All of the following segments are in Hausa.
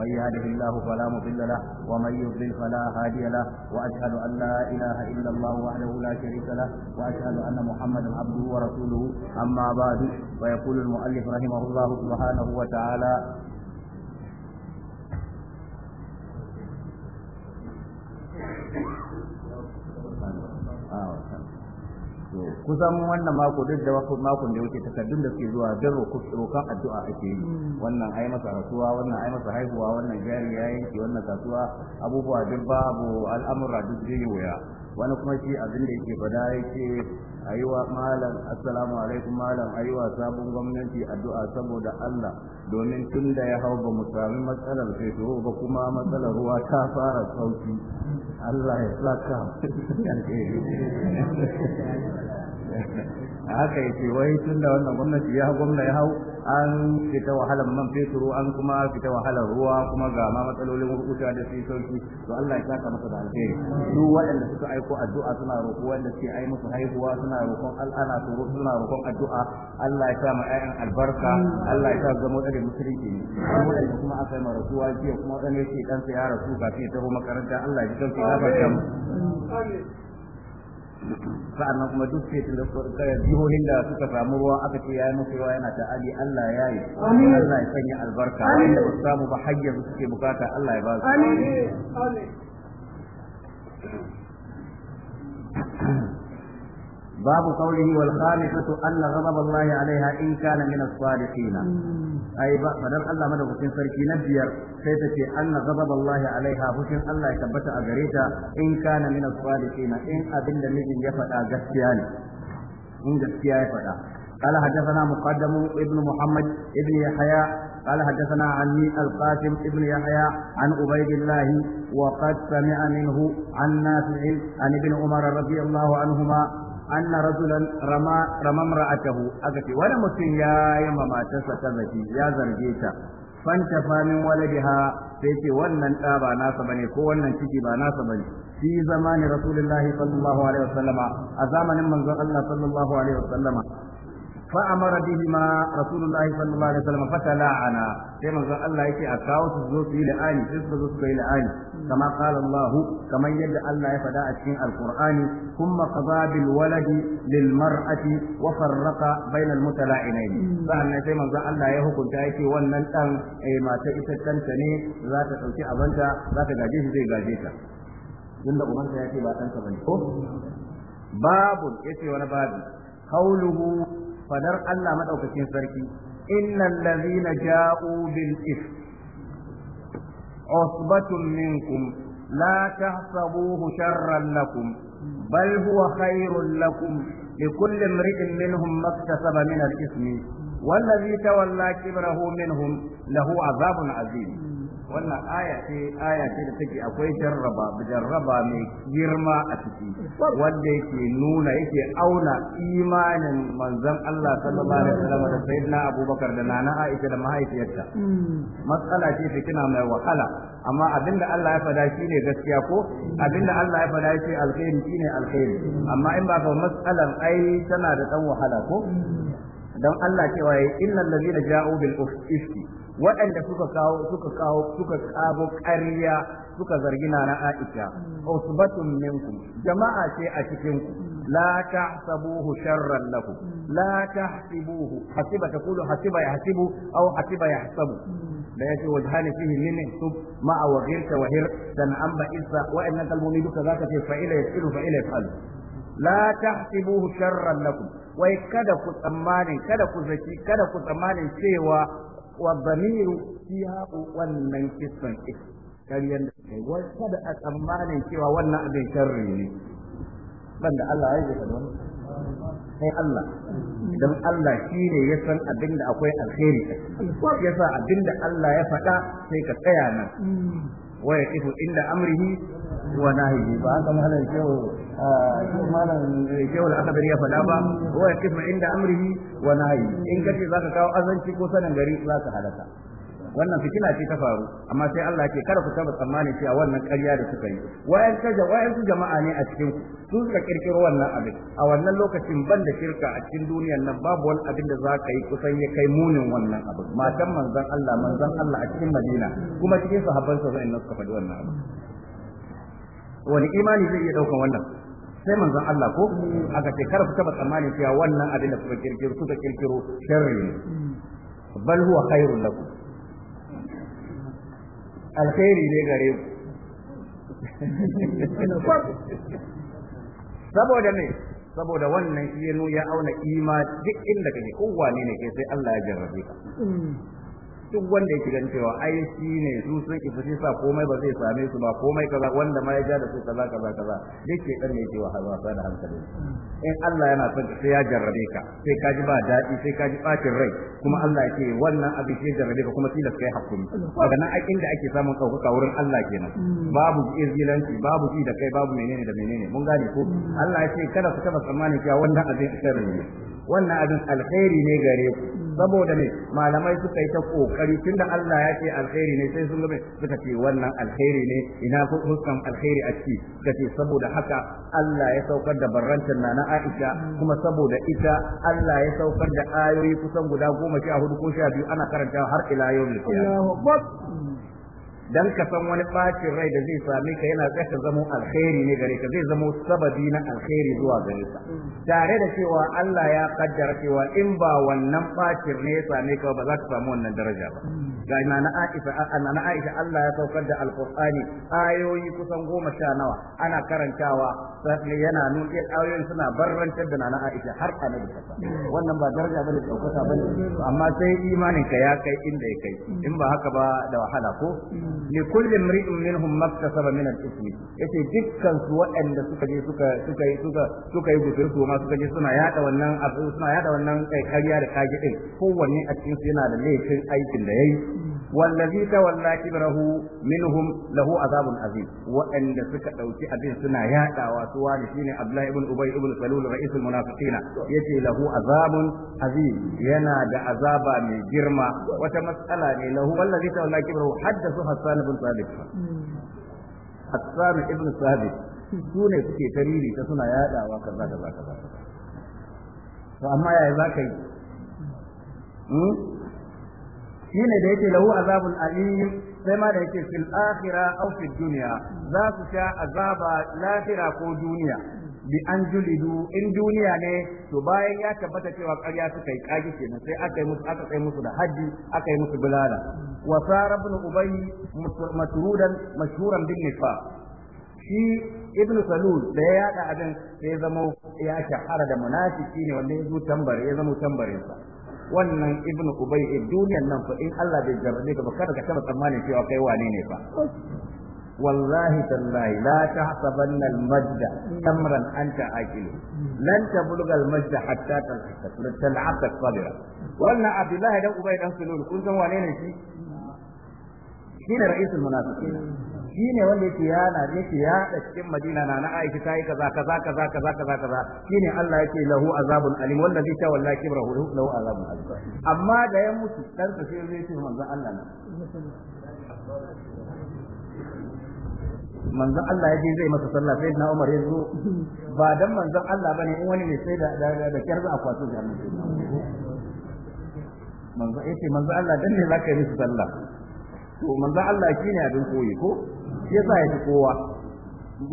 من يهده الله فلا مضل له ومن يضلل فلا هادي له واشهد ان لا اله الا الله وحده لا شريك له واشهد ان محمدا عبده ورسوله اما بعد ويقول المؤلف رحمه الله سبحانه وتعالى Thank you. kusan wannan mako duk da makon da wuce takardun da suke zuwa don rokan addu'a ake yi hmm. wannan ai masa rasuwa wannan ai masa haihuwa wannan jari ya yanke wannan kasuwa abubuwa duk babu al'amura duk zai wuya wani kuma shi abin da yake fada yake aiwa malam assalamu alaikum malam aiwa sabon gwamnati addu'a saboda Allah domin tun da ya hau ba mu sami matsalar to ba kuma matsalar ruwa ta fara sauki Allah ya saka haka yake wai tun da wannan gwamnati ya hau gwamna ya hau an fita wahalar man fetur an kuma fita wahalar ruwa kuma ga ma matsalolin wuta da su sauki to Allah ya saka masa da alheri duk waɗanda suka aiko addu'a suna roƙo wanda suke ai musu haihuwa suna roƙon al'ana su suna roƙon addu'a Allah ya sa mu ayyan albarka Allah ya sa zama da musulunci ne kuma da kuma aka yi rasuwa jiya kuma dan yake dan sa ya rasu kafin ya taho makaranta Allah ya ji kansa ya barka mu sa'annan kuma duk sai da jihohin da suka samu ruwa aka ce yayi musu ruwa yana da ali Allah ya yi Allah ya sanya albarka wanda ba samu ba hajjar suke bukata Allah ya ba su amin amin باب قوله والخامسة أن غضب الله عليها إن كان من الصالحين أي فدر الله من حسين سركي نبير سيتتي أن غضب الله عليها حسين الله يثبت أغريتا إن كان من الصالحين إن أبن لمجن يفتا جسياني إن جسيا يفتا قال حدثنا مقدم ابن محمد ابن يحيى قال حدثنا عني القاسم ابن يحيى عن عبيد الله وقد سمع منه عن نافع عن ابن عمر رضي الله عنهما anna rajulan rama rama ra'atahu aka ce wani mutum ya yi mamatarsa ta zaki ya zarge ta fanta famin waladiha sai ce wannan ɗa ba nasa bane ko wannan ciki ba nasa bane fi zamanin rasulullahi sallallahu alaihi wasallama a zamanin manzon Allah sallallahu alaihi wasallama فأمر بهما رسول الله صلى الله عليه وسلم فتلاعنا كما قال الله يكي أكاو تزوز إلى آن تزوز إلى آن كما قال الله كما يد الله يفداء في القرآن ثم قضى بالولد للمرأة وفرق بين المتلاعنين فأنا كما قال الله يهكم تايكي ونن أن ما تئتتن تني ذات تلتي أبنتا ذات غاجيه زي غاجيتا tunda ubansa ya ce ba ɗansa bane ko babu yace wani babu قوله fadar Allah maɗaukacin sarki, Innan lazi na ja’u bin if, osbatun minkum, la ta sabuhu sharran lakum, bal huwa khairun lakum, li kulli mri'in minhum maktasaba min al-ismi, wallazi tawalla rahu minhum lahu azabun azim. wannan aya ce aya ce da take akwai jarraba jarraba mai girma a ciki wanda yake nuna yake auna imanin manzon Allah sallallahu alaihi wasallam da sayyidina Abubakar da nana Aisha da mahaifiyarta matsala ce fitina mai wahala amma abinda Allah ya fada shine gaskiya ko abinda Allah ya fada shi alkhairi shine alkhairi amma in ba ka matsalan ai tana da dan wahala ko dan Allah cewa innal ladzina ja'u bil ifki waɗanda suka kawo suka kawo suka kawo ƙarya suka zargi na na Aisha usbatun minkum jama'a ce a cikin ku la tahsabuhu sharran lakum la tahsibuhu hasiba taqulu hasiba yahsibu aw hasiba yahsabu da yake wajhani fihi min sub ma aw ghirta wa hir dan amba isa wa inna kalmuni duka zaka ce fa'ila yafilu fa'ila yafalu la tahsibuhu sharran lakum wai kada ku tsammanin kada ku zaki kada ku tsammanin cewa والضمير فيها wannan kisan kariyar da kai wai kada a tsammanin cewa wannan abin sharri ne da Allah ya yi wannan sai Allah don Allah shi ne ya san abin da akwai alheri ya sa abin Allah ya faɗa sai ka tsaya nan waya kifu inda amrihi wa nahihi ba haka mahalar cewa malam shehul akadari ya faɗa ba wa ya kisma inda amrihi wa nahyi in kace zaka kawo azanci ko sanan gari zaka halaka wannan fitina ce ta faru amma sai Allah ke kada ku taba tsammani cewa wannan ƙarya da suka yi wayan ta wayan su jama'a ne a cikin su suka kirkiro wannan abin a wannan lokacin ban da shirka a cikin duniyar nan babu wani abin da za ka yi kusan ya kai munin wannan abin matan manzon Allah manzon Allah a cikin Madina kuma cikin sahabban sa sai suka faɗi wannan abin wani imani zai iya daukan wannan sai manzon Allah ko a ga kar su taba tsammani cewa wannan abin da kuka kirkiro kuka kirkiro sharri ne bal huwa khairul lakum alkhairi ne gare ku saboda ne saboda wannan shi ya auna ima duk inda kake kowa ne ne sai Allah ya jarrabe ka duk wanda yake ganin cewa ai shi ne su sun isa shi sa komai ba zai same su ba komai kaza wanda ma ya ja da su kaza kaza kaza yake dan ne cewa wa wasa da hankali in Allah yana son ka sai ya jarrabe ka sai ka ji ba daɗi sai ka ji bacin rai kuma Allah yake wannan abin sai jarrabe ka kuma tilas kai hakuri daga nan ai inda ake samun kaukaka wurin Allah kenan babu izilanci babu ji da kai babu menene da menene mun gane ko Allah ya ce kada ku taba tsammanin cewa wannan abin sharri ne wannan abin alkhairi ne gare ku saboda ne malamai suka yi ta kokari tunda Allah ya ce alkhairi ne sai sun ga suka ce wannan alkhairi ne ina huskan alkhairi a ciki suka ce saboda haka Allah ya saukar da na, nana Aisha kuma saboda ita Allah ya saukar da ayoyi kusan guda goma sha hudu ko sha biyu ana karanta har ila yau dan ka san wani bacin rai da zai same ka yana tsaka zamo alkhairi ne gare ka zai zamo sababi na alkhairi zuwa gare ka tare da cewa Allah ya kaddara cewa in ba wannan bacin ne ya same ka ba za ka samu wannan daraja ba ga na Aisha na Aisha Allah ya saukar da alqur'ani ayoyi kusan goma sha nawa ana karantawa sai yana nuna eh, ayoyin suna barrantar da nana Aisha har annabi wannan ba daraja bane daukaka bane amma sai imanin ka ya kai inda ya kai in ba haka ba da wahala ko li kulli imri'in minhum maktasaba min al-ithm yace dukkan su waɗanda suka je suka suka suka suka yi gutur su ma suka je suna yada wannan abu suna yada wannan kai kariya da kage din kowanne a cikin su yana da laifin aikin da yayi wallazi tawalla kibrahu minhum lahu azabun azim waɗanda suka ɗauki abin suna yaɗawa su wani shine Abdullah ibn Ubay ibn Salul ra'is al-munafiqina yace lahu azabun azim yana da azaba mai girma wata matsala ne lahu wallazi tawalla kibrahu haddathu Hassan ibn Sabit Hassan ibn Sabit su suke tariri ta suna yadawa kaza kaza kaza to amma yaya zaka yi shine da yake lahu azabul alim sai ma da yake fil akhirah aw fil dunya za su sha azaba lahira ko duniya bi an julidu in duniya ne to bayan ya tabbata cewa ƙarya suka yi kage kenan sai aka yi musu aka kai musu da haji aka yi musu bulala wa sara ibn ubay matrudan mashhuran bin nifaq shi ibn salul da ya yada abin sai zama ya shahara da munafiki ne wanda ya zo tambare ya zama tambarensa wannan ibn ubay eh, duniyan nan fa in Allah bai jarrabe ka ba kada ka taba tsammanin cewa kai wane ne fa والله تالله لا تحسبن المجد تمرا انت اكله لن تبلغ المجد حتى تلعبك صبرا wannan Abdullahi الله بن ابي بن سلول san wane ne shi shine ra'isul munafiqin Shi ne wanda yake yana yake yada cikin Madina na na Aisha ta yi kaza kaza kaza kaza kaza kaza ne Allah yake lahu azabun alim wanda zai tawalla kibrahu lahu azabun alim amma da ya mutu dan sa sai zai ce manzo Allah na manzon Allah ya je zai masa sallah sai na Umar ya zo ba dan manzon Allah bane in wani ne sai da da kyar za a kwato manzo ya ce manzon Allah dan ne zaka yi masa sallah to manzon Allah shine abin koyi ko ya yasa ya fi kowa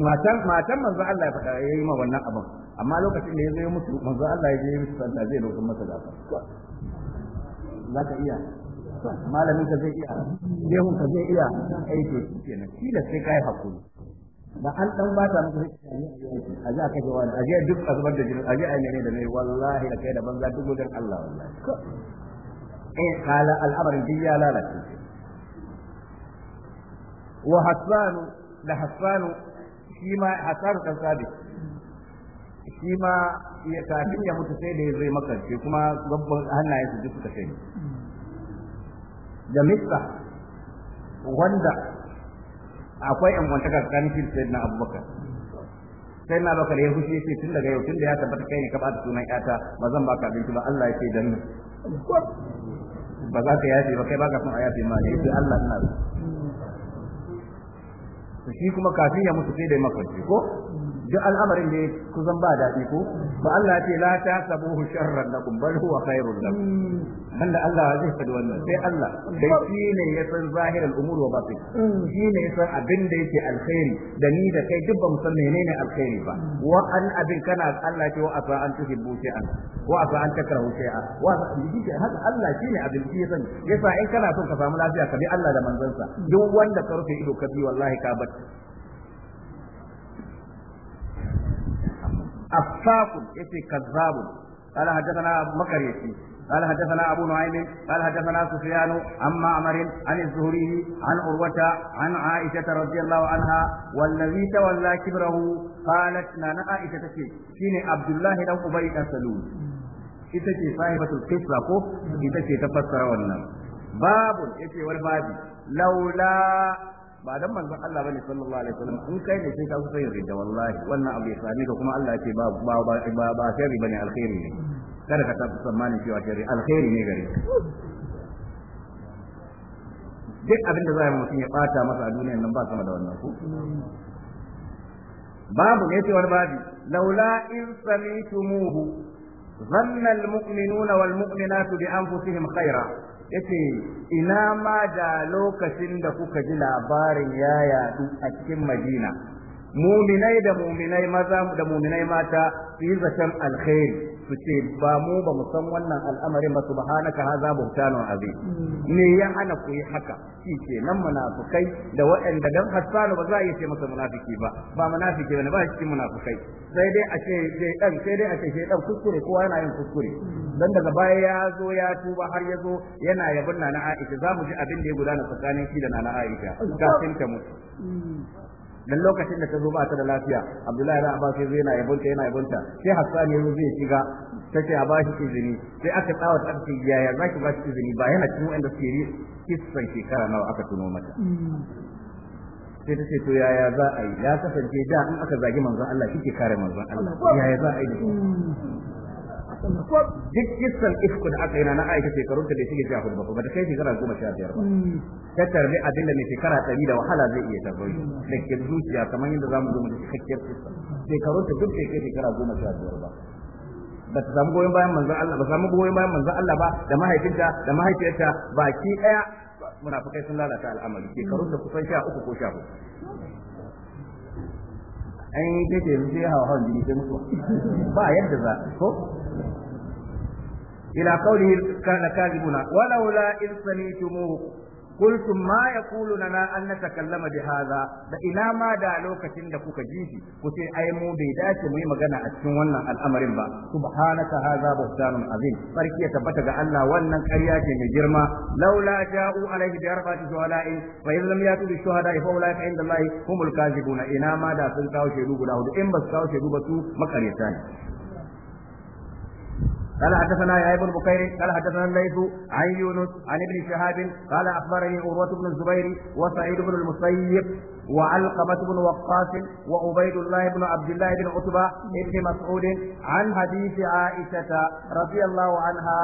matan matan manzo Allah ya faɗa yi ma wannan abin amma lokacin da ya zo mutu manzo Allah ya je mutu sallah zai lokacin masa gafa za ka iya malamin ka zai iya jehun ka zai iya aiki kenan shi Kila sai kai hakuri da an dan bata ne a ji a kashe wani a ji duk a zubar da jini a ji a ne da ne wallahi da kai da banza duk wajen Allah wallahi eh kala al'amarin duk ya lalace wa hassanu da hassanu shi ma hassanu kan sabit shi ma ya kafin ya mutu sai da ya zai makarce kuma babban hannaye su duk suka sai da mista wanda akwai yan wanta karkarin shi sai na abubakar sai na bakar ya fushi shi tun daga yau tun da ya tabbata kai ne ka ba sunan yata ba zan baka abinci ba Allah ya ce dan ba za ka yafe ba kai baka son a yafe ma ya sai Allah ina so shi kuma kafin ya mutu sai da mafarki ko duk al'amarin ne kusan ba daɗi ko ba Allah ce la ta sabuhu sharran lakum bal huwa khairun lakum Allah Allah zai faɗi wannan sai Allah dai shi ne ya san zahiral umur wa batin shi ne ya san abin da yake alkhairi da ni da kai duk ba mu san menene alkhairi ba wa an abin kana Allah ce wa asa an tuhibbu an wa asa an takrahu shay'an wa haka Allah shi ne abin shi ya sani yasa in kana son ka samu lafiya ka bi Allah da manzansa duk wanda ka rufe ido ka bi wallahi ka bar أفاق يتي كذاب قال حدثنا مكر يتي قال حدثنا أبو نعيم قال حدثنا سفيان عن معمر عن الزهري عن عروة عن عائشة رضي الله عنها والذي تولى كبره قالت لنا عائشة شين عبد الله بن أبي سلول ita ce sahibatul kisra ko ita ce ta fassara wannan babu yace wal babi laula ba dan manzon Allah bane sallallahu alaihi wasallam in kai ne sai ka kusa yin ridda wallahi wannan abu ya sami ka kuma Allah ya ce ba ba ba ba sharri bane alkhairi ne kada ka tabbata tsammanin cewa sharri alkhairi ne gare duk abin da za a yi mutum ya bata masa a duniyar nan ba sama da wannan ku. babu ne cewar babi laula in sami'tumuhu ظن المؤمنون والمؤمنات بأنفسهم خيرا yace ina ma da lokacin da kuka ji labarin ya yadu a cikin madina muminai da muminai maza da muminai mata su yi zaton alkhairi su ce ba mu ba mu san wannan al'amarin ba subhanaka hadha buhtanun azim ne hmm. ya hana ku yi haka shi ke nan munafikai da waɗanda dan hasanu ba za a ce masa munafiki ba ba munafiki ne ba cikin munafikai sai dai a ce dan sai dai a ce dan kuskure kowa yana yin kuskure hmm. dan daga baya ya zo ya tuba har ya zo yana yabin nana Aisha za mu ji abin da ya gudana tsakanin shi da nana Aisha kafin ta mutu hmm. dan lokacin da ta zo ba ta da lafiya Abdullahi ibn Abbas sai yana ibunta yana ibunta sai Hassan ya zai shiga take a bashi izini sai aka tsawa ta ce yaya zaki bashi izini ba yana cikin wanda suke yi kissan shekara nawa aka tuno mata sai ta ce to yaya za a yi ya kasance da in aka zagi manzon Allah kike kare manzon Allah yaya za a yi duk kisan ifku da aka yi na aiki shekarun da da ke sha hudu ba ta kai shekara goma sha biyar ba hmm. ta tarbi abin da mai shekara ɗari da wahala zai iya tarbi hmm. da ke zuciya kamar yadda za mu zo mu ji cikakkiyar kisan. shekarun ta duk kai shekara goma sha biyar ba ba ta samu goyon bayan manzon Allah ba samu goyon bayan manzon Allah ba da mahaifinta da mahaifiyarta baki daya munafikai sun lalata al'amari shekarun da kusan sha uku ko sha hudu an yi take yanzu sai hawa hawan jini sai mutuwa ba yadda za ko إلى قوله كان كاذبنا ولولا إذ سميتموه قلتم ما يقول لنا أن نتكلم بهذا da ina ma da lokacin da kuka ji shi ku ce ai mu bai dace mu yi magana a cikin wannan al'amarin ba subhanaka hadha buhtanun azim sarki ya tabbata ga Allah wannan ƙarya ce mai girma laula ja'u alaihi bi arba'ati shuhada'i fa in lam yatu bi shuhada'i fa ulai inda Allah humul ina ma da sun kawo shedu guda hudu in ba su kawo shedu ba su makareta ne قال حدثنا يحيى بن بكير قال حدثنا الليث عن يونس عن ابن شهاب قال اخبرني عروه بن الزبير وسعيد بن المسيب وعلقمة بن وقاص وعبيد الله بن عبد الله بن عتبة بن مسعود عن حديث عائشة رضي الله عنها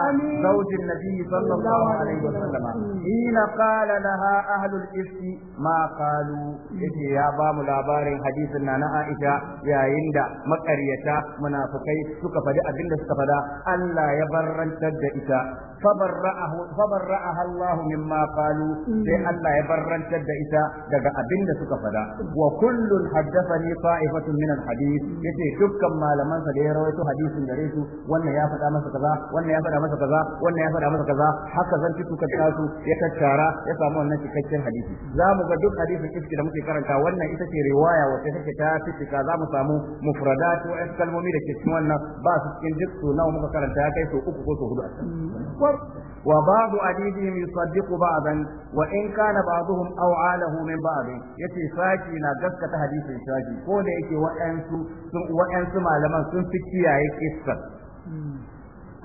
زوج النبي صلى الله عليه وسلم حين قال لها أهل الإفك ما قالوا إيه يا بام لابار حديث أن عائشة يا عند مقرية منافقي سكفد أبن سكفد ألا يبرن تد فبرأه فبرأها الله مما قالوا لأن يبرن تد إذا دقى أبن suka fada wa kullun haddathani ta'ifatun min ce yace dukkan malaman sa da ya rawaito hadisin gare su wannan ya faɗa masa kaza wannan ya fada masa kaza wannan ya faɗa masa kaza haka zan ci ka tasu ya tattara ya samu wannan cikakken hadisi za mu ga duk hadisin iski da muke karanta wannan ita ce riwaya wacce take ta fitika za mu samu mufradat wa kalmomi da ke cikin wannan ba su cikin duk sunan muka karanta ya kai sau uku ko su hudu a وبعض أديبهم يصدق بعضا وإن كان بعضهم أوعى له من بعض يتي ساكي نا غسكة حديث ساكي كون يكي وأنسو وأنسو ما لما سنفتيا يكسر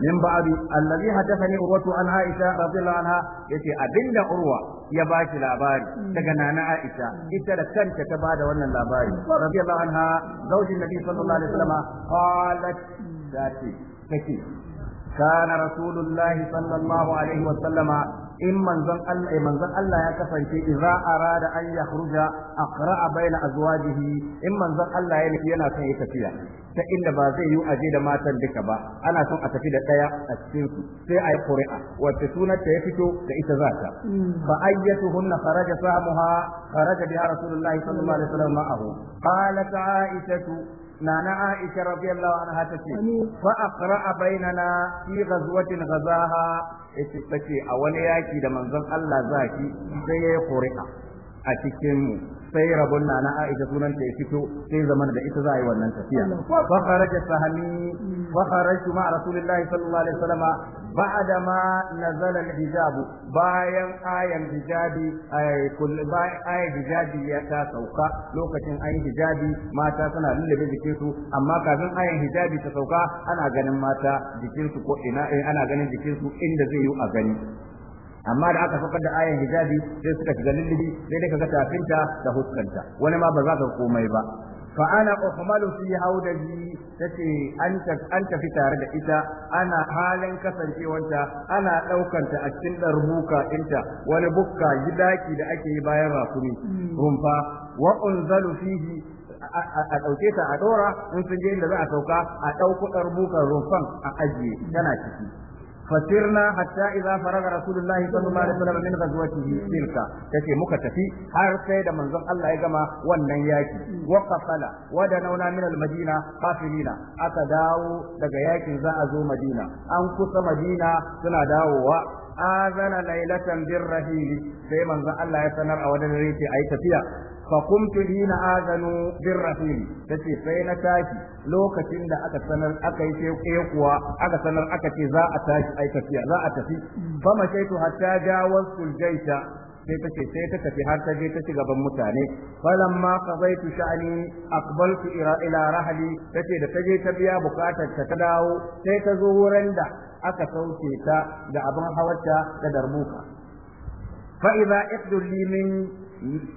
من بعد الذي حدثني عروة عن عائشة رضي الله عنها يتي أبن عروة ya ba shi labari daga nana Aisha ita da kanta ta bada wannan labari radiyallahu anha zaujin nabi sallallahu alaihi wasallam qalat dati take كان رسول الله صلى الله عليه وسلم إن منزل الله إن منزل الله يكفن إذا أراد أن يخرج أقرأ بين أزواجه إن منزل الله ينفينا سيتفيا ta inda ba zai yi aje da matan duka ba ana son a tafi da ɗaya a cikin su sai a yi ƙuri'a wacce sunar ta ya fito da ita za ta fa ayyatu hunna faraja samuha faraja aishatu nana Aisha radiyallahu anha tace fa aqra'a bainana fi ghazwatin ghazaha ita tace a wani yaki da manzon Allah zaki sai ya qur'a a cikin mu sai rabon na na Aisha sunan ta ya fito sai zaman da ita za a wannan tafiya fa kharaja sahmi wa kharaju ma Rasulullahi sallallahu alaihi wasallam ba'da ma nazala al-hijab bayan ayan hijabi ay hijabi ya ta sauka lokacin ay hijabi mata suna lullube jikin su amma kafin ayan hijabi ta sauka ana ganin mata jikin su ko ina eh, ana ganin jikin su inda zai yi a gani amma da aka fakar da ayan hijabi sai suka shiga lullubi sai dai kaga tafinta da huskanta wani ma ba za ka komai ba fa ana uhmalu fi haudaji tace an an tafi tare da ita ana halin kasancewanta ana ɗaukanta a cikin darbuka dinta wani bukka gidaki da ake yi bayan rakumi rumfa hmm. wa unzalu fihi a ɗauke ta a ɗora in sun je inda za a sauka a ɗauko ɗarbukan rumfan a ajiye tana ciki fasirna hatta idza faraga rasulullahi sallallahu alaihi wasallam min ghazwatihi tilka yace muka tafi har sai da manzon Allah ya gama wannan yaki wa qafala wa danauna min almadina qafilina aka dawo daga yakin za a zo madina an kusa madina suna dawowa azana lailatan birrahili sai manzon Allah ya sanar a wannan dare ce ayi tafiya fa kuntu hina azanu birrahim tace sai na tashi lokacin da aka sanar aka yi sai kuwa aka sanar aka ce za a tashi ai tafiya za a tafi fa mashaitu hatta jawaztu aljaita sai tace sai ta tafi har ta je ta ci gaban mutane falamma qadaitu sha'ani aqbaltu ila rahli tace da ta je ta biya bukatar ta dawo sai ta zo wurin da aka sauke ta da abin hawarta da darbuka Fa'iza idza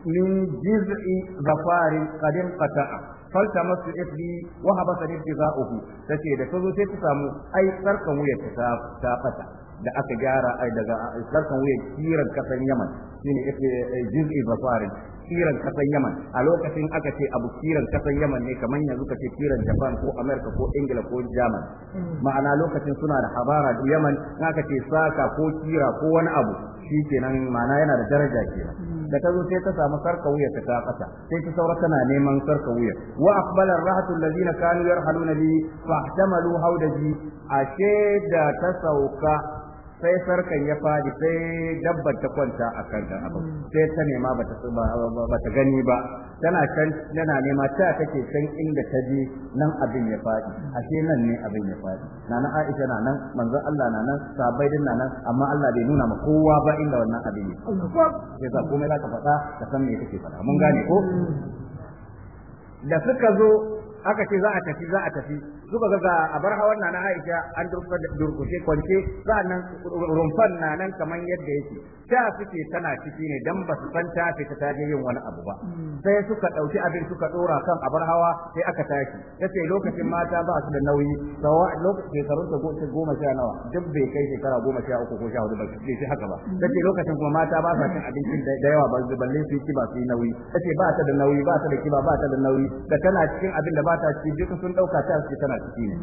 من جذع ظفار قد انقطع فالتمس إثبي وهبطني ابتغاؤه تشي da tazo sai ta samu ai sarkan wuya ta fata da aka gyara ai daga sarkan wuya kiran kasan Yaman shine kiran kasan Yaman a lokacin aka ce abu kiran kasan Yaman ne kamar yanzu kace kiran Japan ko America ko Ingila ko German ma'ana lokacin suna da habara da Yaman aka ce saka ko kira ko wani abu shikenan ma'ana yana da daraja kenan da ta zo sai ta samu sarka wuya ta ta kasa sai ta saura tana neman sarka wuya wa aqbala ar-rahatu alladhina kanu yarhaluna bi fahtamalu hawdaji ashe da ta sauka sai sarkan ya fadi sai dabbar ta kwanta a kan da abu mm. sai ta nema ba ta gani ba tana can yana nema ta take can inda ta ji nan abin ya fadi ashe nan ne abin ya fadi nana Aisha na nan manzon Allah na nan din na nan amma Allah bai nuna ma kowa ba inda wannan abin ya fadi sai za komai za ka faɗa ka san me kake faɗa mun gane ko mm. da suka zo Haka ce za a tafi za a tafi zuba ga a bar hawan na Aisha an durkushe kwance nan rumfan na nan kamar yadda yake da suke tana ciki ne dan ba su san ta fita ta je yin wani abu ba sai suka dauki abin suka dora kan abar hawa sai aka tashi yace lokacin mata ba su da nauyi sawa lokacin shekarun ta goma sha nawa duk bai kai shekara goma sha uku ko sha hudu ba sai shi haka ba yace lokacin kuma mata ba sa cin abincin da yawa ba su balle su ci ba su yi nauyi yace ba ta da nauyi ba ta da kiba ba ta da nauyi da tana cikin abin da ba ta ciki duka sun dauka ta su tana ciki ne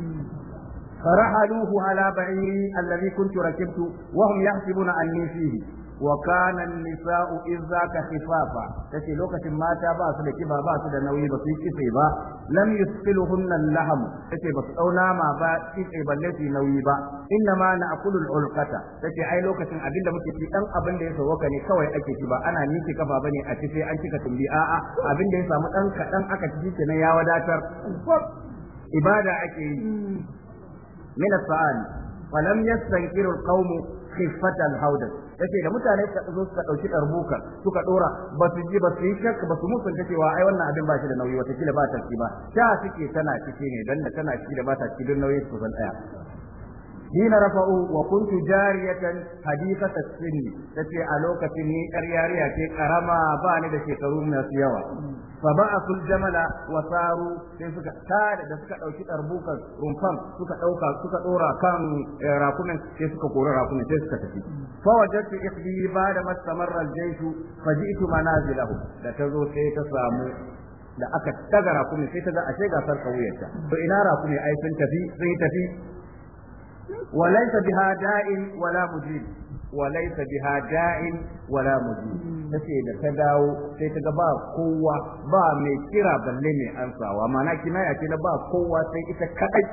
فرحلوه على بعيري الذي كنت ركبت وهم يحسبون أني فيه wa kana nisa'u idza ka khifafa tace lokacin mata ba su da kiba ba su da nauyi ba su kitse ba lam yusqiluhunna al-lahm tace ba su dauna ma ba kitse balle su nauyi ba inna ma na'kulu al-ulqata tace ai lokacin abinda muke ci dan abin da ya sauka ne kawai ake ci ba ana niki kafa bane a ci an cika tumbi a'a abin da ya samu dan kadan aka ci kenan ya wadatar ibada ake yi hmm. min as-sa'ani falam yastankiru al-qawmu khiffatal haudan yake da mutane ka zo su dauki karbuka suka dora ba su ji ba su yi shakka ba su musun ta cewa ai wannan abin ba shi da nauyi wata kila ba ta ba sha suke tana ciki ne dan da tana ciki da ba ta ciki don nauyi su san daya hina rafa'u wa kuntu jariyatan hadithata sinni tace a lokacin ni yar yariya ce karama ba ni da shekarun masu yawa fa ba'atu jamala wa saru sai suka tare da suka dauki darbukan rumfan suka dauka suka dora kan eh, rakunan sai suka kore rakunan sai suka tafi fa wajadtu ba ba'da mastamarra al-jaysh fa ji'tu manazilahu da tazo sai ta samu da aka taga rakunan sai ta ga ashe gasar kawuyarta to ina rakunan ai sun tafi sai tafi وليس بها داء ولا مجيب وليس بها داء ولا مجيب nace da ta dawo sai ta ga ba kowa ba mai kira balle mai ansawa mana kinaya ce na ba kowa sai ita kadai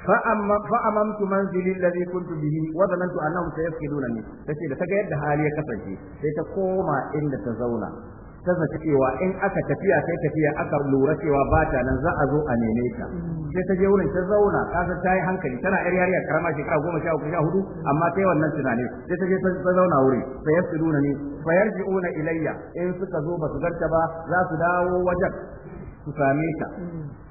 فأممت منزلي الذي كنت به وظننت أنهم سيفقدونني تشي da ta ga yadda hali ya kasance sai ta koma inda ta zauna ta zaci cewa in aka tafiya sai tafiya aka lura cewa ba ta nan za a zo a neme ta sai ta je wurin ta zauna kasar ta yi hankali tana yar yariya karama shekara goma sha uku sha hudu amma sai wannan tunani sai ta je ta zauna wuri fa yafsiduna ni fa yarji'una ilayya in suka zo ba su garta ba za su dawo wajen su same ta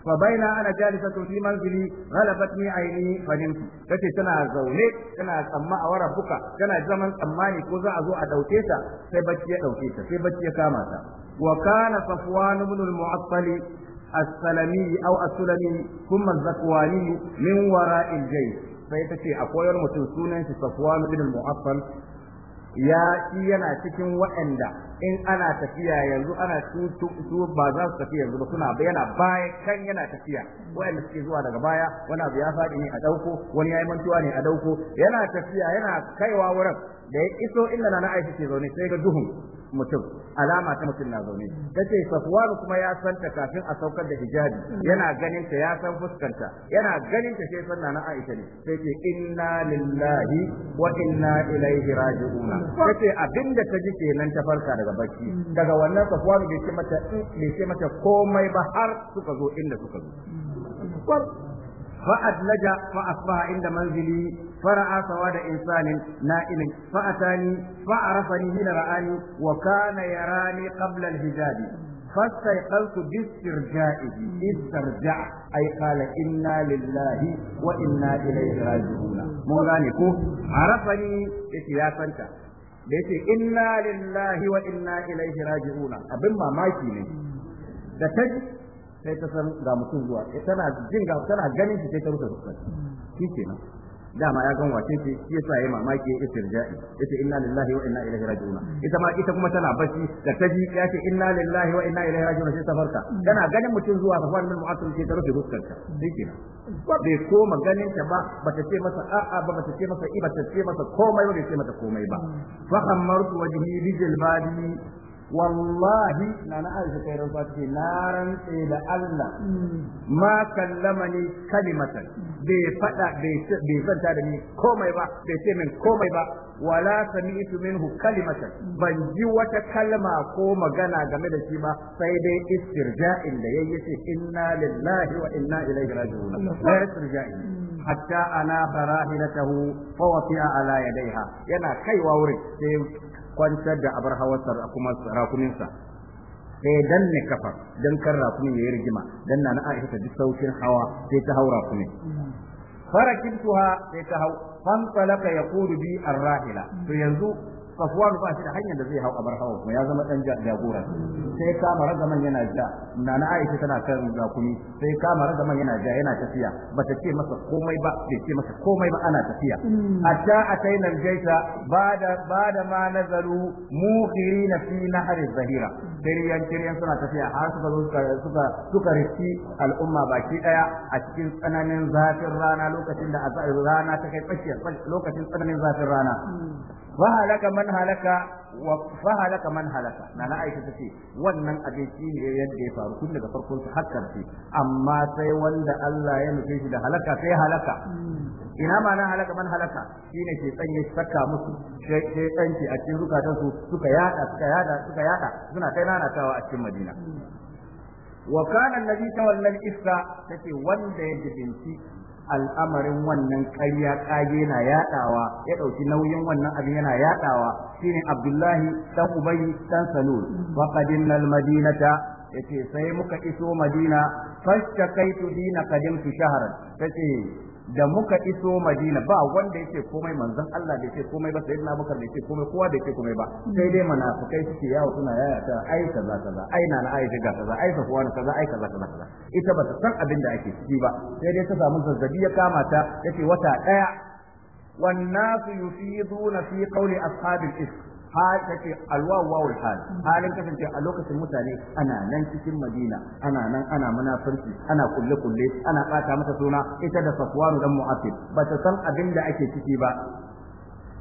fa baina ana jalisatu fi manzili ghalabatni aini fahimtu tace tana zaune tana tsamma a wara buka tana zaman tsammani ko za a zo a dauke ta sai bacci ya dauke ta sai bacci ya kama ta wa kana safwan ibn al-mu'attal as-salami aw as-sulami kuma zakwani min wara al sai tace a wani mutum sunan shi safwan ibn al-mu'attal ya shi yana cikin waɗanda in ana tafiya yanzu ana su ba za su tafi yanzu ba suna yana baya kan yana tafiya waɗanda suke zuwa daga baya wani abu ya faɗi ne a ɗauko wani ya yi mantuwa ne a ɗauko yana tafiya yana kaiwa wurin da ya iso inda na Aisha ke zaune sai ga duhun mutum alama ta mutum na zaune ce safwan kuma ya san ta kafin a saukar da hijabi yana ganin ta ya san fuskanta yana ganin ta sai sanna na Aisha ne sai ce inna lillahi wa inna ilaihi raji'una tace abinda ta ji kenan ta farka daga bacci daga wannan safwan bai ce mata bai ce mata komai ba har suka zo inda suka zo fa'adlaja fa asbaha inda manzili فرأى سواد إنسان نائم فأتاني فعرفني حين رآني وكان يراني قبل الحجاب فاستيقظت باسترجائه استرجع أي قال إنا لله وإنا إليه راجعون مولانا كو عرفني اتيافنك da yake inna lillahi wa inna ilaihi raji'una abin mamaki ne da ta sai ta san ga mutum zuwa tana jin ga tana ganin shi sai ta rufe fuskar shi kenan dama ya gan wace ce shi yasa yayi mamaki yayi istirja'i yace inna lillahi wa inna ilaihi raji'un ita ma ita kuma tana bacci da taji ya ce inna lillahi wa inna ilaihi raji'un sai safarka kana ganin mutum zuwa safar nan mu'assir sai ka rufe fuskarka dike bai koma ganin ta ba bata ce masa a'a ba bata ce masa i bata ce masa komai ba bai ce mata komai ba fa khammartu wajhi bi jilbabi wallahi na na aisha kai rantsuwa ce na rantse da Allah ma kallamani kalimatan bai fada bai santa da ni komai ba bai ce min komai ba wala sami'tu minhu kalimatan ban ji wata kalma ko magana game da shi ba sai dai istirja'in da yayi ce inna lillahi wa inna ilaihi raji'un istirja'in hatta ana farahilatahu fa wasi'a ala yadayha yana kaiwa wurin sai kwantar da abar a kuma rakuminsa sai eh, ya danne kafa dan kar rakumin ya yi rigima dan nana Aisha ita duk saukin hawa sai ta hau haura kuma farakintuha sai ta hau fan ya yaqulu bi arrahila to yanzu safwan ba shi da hanyar da zai hau abar hawa kuma ya zama dan jagora sai kama ragaman yana ja nana Aisha tana kan zakumi sai kama ragaman yana ja yana tafiya ba ta ce masa komai ba bai ce masa komai ba ana tafiya mm. hatta ataina aljaita bada bada ma nazaru muqirina fi nahri zahira kiriyan-kiriyan suna tafiya har suka zo suka suka riski al'umma baki daya a cikin tsananin zafin rana lokacin da rana ta kai tsakiyar lokacin tsananin zafin rana mm. halaka wa fahalaka man halaka na na عائشة wannan abin ne yadda ya faru tun daga farkon su hakkar shi amma sai wanda Allah ya nufi shi da halaka sai halaka ina ma na halaka man halaka shine ke san ya saka musu sai dan a cikin zukatan su suka yada suka yada suka yada suna kai nanatawa a cikin Madina wa kana annabi tawallal ifka tace wanda ya jibinci al'amarin wannan ƙarya ƙage na yaɗawa ya ɗauki nauyin wannan abin yana yaɗawa shine abdullahi dan ubayi dan salul wa qadinna al-madinata yace sai muka iso madina fashtakaitu dina qadimtu shahran tace da muka iso Madina ba wanda yake komai manzon Allah da yake komai ba sai na muka da yake komai kowa da yake komai ba sai dai munafikai suke yawo suna yaya ta ai kaza kaza ai na na Aisha ga kaza ai safuwa kaza ai kaza kaza kaza ita ba ta san abin da ake ciki ba sai dai ta samu zazzabi ya kama ta yake wata daya والناس yufiduna fi qawli ashabil ism hal tace alwawu wawul hal halin kasance a lokacin mutane ana nan cikin madina ana nan ana munafurci ana kulle kulle ana bata masa suna ita da safwan dan mu'affif ta san abin da ake ciki ba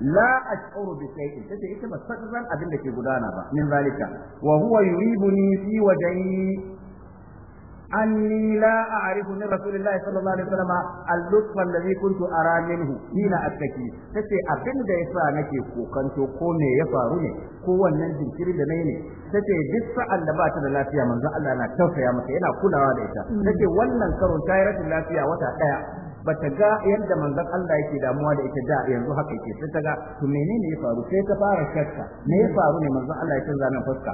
la ash'uru bi shay'in tace ita ba san abin da ke gudana ba min zalika wa huwa yuribuni fi wajhi أني لا أعرف من رسول الله صلى الله عليه وسلم اللطف الذي كنت أرى منه حين أتكي تسي أبن دا يسانك كوكانتو كوني يفاروني كوان ننجم كري دنيني تسي جسا اللبات اللاتية من ذا الله أنا توفي يا مسيحنا كل هذا تسي ولن كرون تايرة اللاتية وتا bata ga yadda manzon Allah yake damuwa da ita da yanzu haka yake sai ta ga to menene ya faru sai ta fara shakka me ya faru ne manzon Allah ya canza nan fuska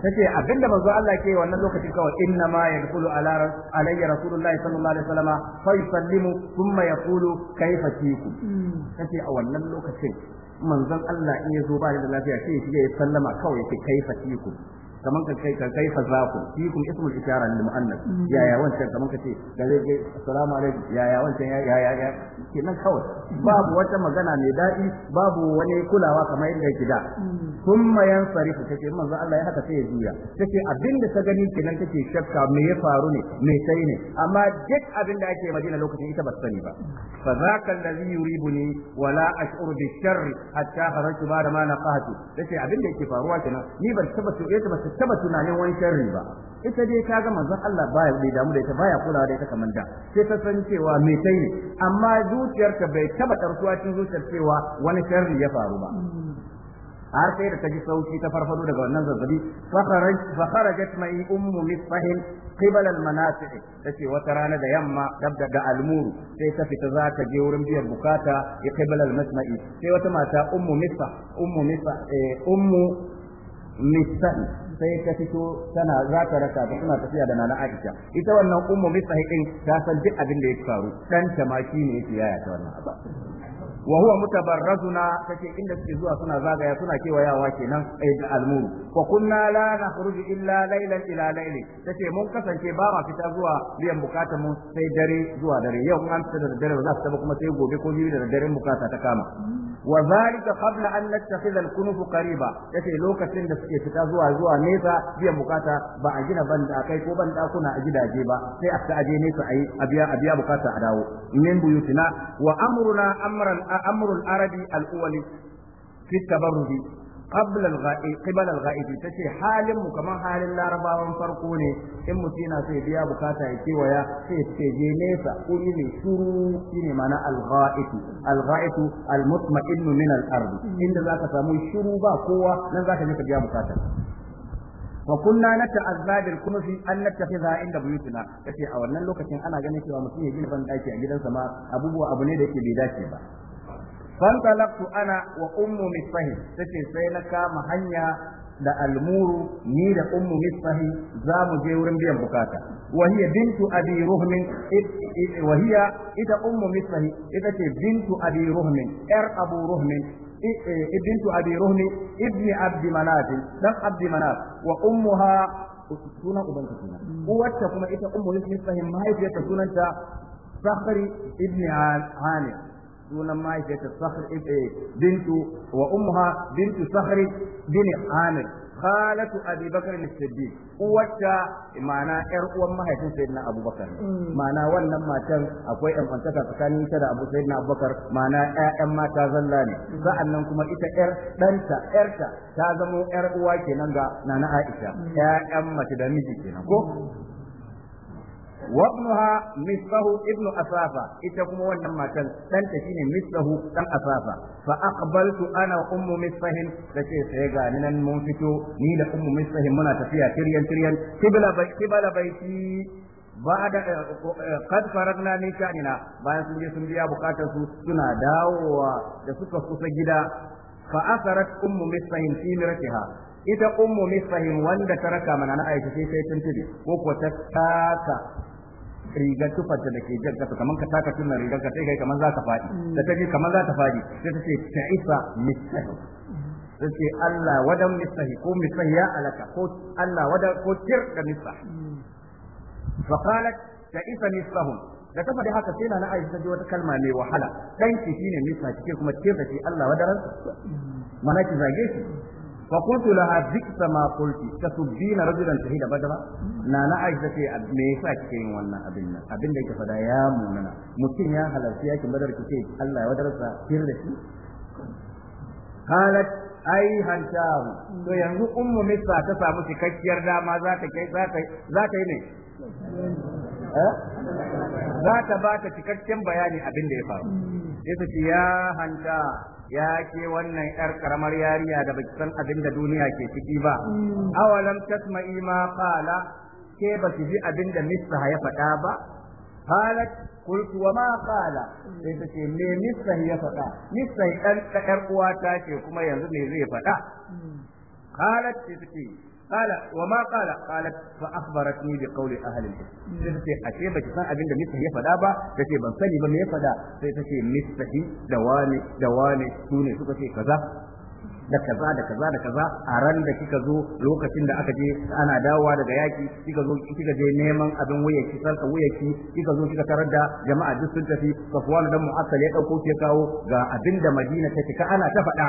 tace abinda manzo Allah ke wannan lokacin kawai inna ma yadkhulu ala alayya rasulullahi sallallahu alaihi wasallam fa yusallimu thumma yaqulu kayfa tiku tace a wannan lokacin manzon Allah in ya zo ba da lafiya sai ya sallama kawai ya kaifa tiku kaman ka kai kai fazaku fikum ismul ishara lil muannas mm-hmm. ya ya wancan kaman ka ce da zai ce assalamu alaikum ya ya wancan ya ya ya ya kenan kawai mm-hmm. babu wata magana mai dadi babu wani kulawa kamar yadda yake da mm-hmm. thumma yansarifu take manzo Allah ya haka sai ya juya take abinda ta gani kenan take shakka me ya faru ne me sai ne amma duk abinda ake Madina lokacin ita ba sani ba fa zaka allazi yuribuni wala ash'uru bi sharri hatta kharajtu ba da ma naqahtu take abinda yake faruwa kenan ni ban taba so ya taba ta taba tunanin wani sharri ba ita dai ta ga manzon Allah baya bai damu da ita baya kulawa da ita kamar da sai ta san cewa me tai ne amma zuciyarta bai taba tarsuwa cikin zuciyar cewa wani sharri ya faru ba har sai da ta ji sauki ta farfado daga wannan zazzabi fa kharajat mai ummu misfahin qibal al manasi tace wata rana da yamma dabda da almuru sai ta fita za ta je wurin biyan bukata ya qibal al masma'i sai wata mata ummu misfa ummu misfa eh, ummu misal sai ka fito tana za ta raka ta suna tafiya da nana Aisha ita wannan ummu misal din ta san duk abin da ya faru dan ta ma ne yake yaya ta wannan wa huwa mutabarrazuna take inda suke zuwa suna zagaya suna kewayawa kenan ayyul almun wa kunna la nakhruju illa laylan ila layli take mun kasance ba ma fita zuwa biyan bukatun mu sai dare zuwa dare yau an fita da dare ba za su taba kuma sai gobe ko biyu da dare bukata ta kama mm. wa zalika qabla an nattakhidha al-kunuf qariba lokacin da suke fita zuwa zuwa nesa biyan bukata ba a gina banda kai ko ban dakuna a gidaje ba sai a aje nesa ayi a abiya a biya bukata a dawo min buyutina wa amruna amran أمر العرب الأول في التبرد قبل الغائب قبل الغائب تشي حال كما حال العرب من فرقوني إن متينا في بيا بكاتا يكي ويا سيجي نيسا قولي شروع إني معنى الغائب الغائب المطمئن من الأرض إن ذاك سامو شروع قوة لن ذاك نيسا بيا بكاتا وكنا نتعذى بالكنف ان نتخذها عند بيوتنا kace a wannan lokacin ana ganin cewa mutum ya gina ban daki a gidansa ma abubuwa abu ne da yake bai dace ba fantalaqtu ana wa ummu misfahi tace sai kama hanya da almuru ni da ummu misfahi za mu je wurin biyan bukata wa bintu abi ruhmin ita ummu misfahi ita ce bintu abi ruhmin yar abu ruhmin e, bintu abi ruhmi ibni abdi abdi wa sunan ubanta kenan kuma ita ummu misfahi mahaifiyarta sunanta Zakari ibn Hanif sunan mahaifiyarta sahr eh, bintu wa ummuha bintu sahr bin amir khalatu abi bakar siddiq uwata ma'ana yar uwan mahaifin sayyidina abubakar mm. ma'ana wannan matan akwai yan fantaka tsakanin ita da abu sayyidina abubakar ma'ana ƴaƴan mata zalla ne mm. nan kuma ita yar danta yarta ta zama yar uwa kenan ga nana aisha mm. ƴaƴan mace da miji kenan ko وابنها مثله ابن أسافة إتكم وانا ماتل تنتشيني مثله تن أسافة فأقبلت أنا وأم مثله تشي سيغا ننا منفتو نيل أم مثله منا تفيا تريا bai قبل بي قبل بيتي بعد قد فرغنا من شأننا bayan sun je sun biya bukatar su suna dawowa da suka kusa gida fa asarat ummu misahin fi miratiha ita ummu misfahim wanda ta raka mana na aiki sai sai ko ko ta rigar tufarta da ke jan kasa kamar ka taka tunna rigar ka sai kai kamar za ka faɗi da ta ji kamar za ta faɗi sai ta ce ta'isa mistahi sai ce Allah wadan mistahi ko mistahi ya alaka ko Allah wadan ko tir da mistahi fa qalat ta'isa mistahum da ta faɗi haka sai na Aisha ta ji wata kalma mai wahala dan ki shine misa kuma ce da shi Allah wadaran mana ki zage shi فقلت لها بئس ما قلت تسبين رجلا شهيدا بدرا نانا عائشة تي me yasa kike yin wannan abin nan abin da yake ya munana mutum ya halarci yakin badar kike Allah ya wadarsa fir da shi halat ai hantaru to yanzu ummu misa ta samu cikakkiyar dama za ta kai za ta za ta ne za ta ba ta cikakken bayani abin da ya faru sai ta ya hanta ya ke wannan yar karamar yariya da baki san abin da duniya ke ciki ba mm. awalam tasma'i ma qala ke ba ki ji abin da misra ya faɗa ba halat wa ma qala sai ta ce me misrahi ya faɗa ta ɗan uwa uwata ce kuma yanzu me zai faɗa halat mm. ce ta ce قال وما قال قالت فاخبرتني بقول اهل العلم sai ashe baki san abin da mistahi ya fada ba tace ban sani ba me ya fada sai tace mistahi da wani da wani sune suka ce kaza da kaza da kaza da kaza a ran da kika zo lokacin da aka je ana dawowa daga yaki kika zo kika je neman abin wuyaki sarka ki kika zo kika tarar da jama'a duk sun tafi safwan dan mu'assal ya dauko ya kawo ga abin da Madina ta cika ana ta faɗa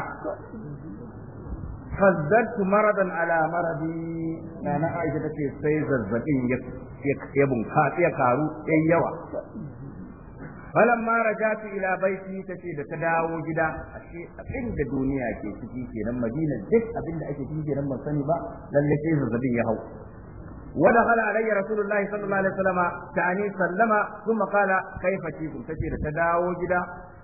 fazzartu maradan ala maradi na na aisha take sai zazzabin ya bunƙasa ya karu yayi yawa falan ma rajatu ila baiti tace da ta dawo gida ashe abin da duniya ke ciki kenan madina duk abin da ake ciki kenan ban sani ba lalle sai zazzabin ya hau ودخل علي رسول الله صلى الله عليه وسلم تعني سلم ثم قال كيف تيكم تجي تداو جدا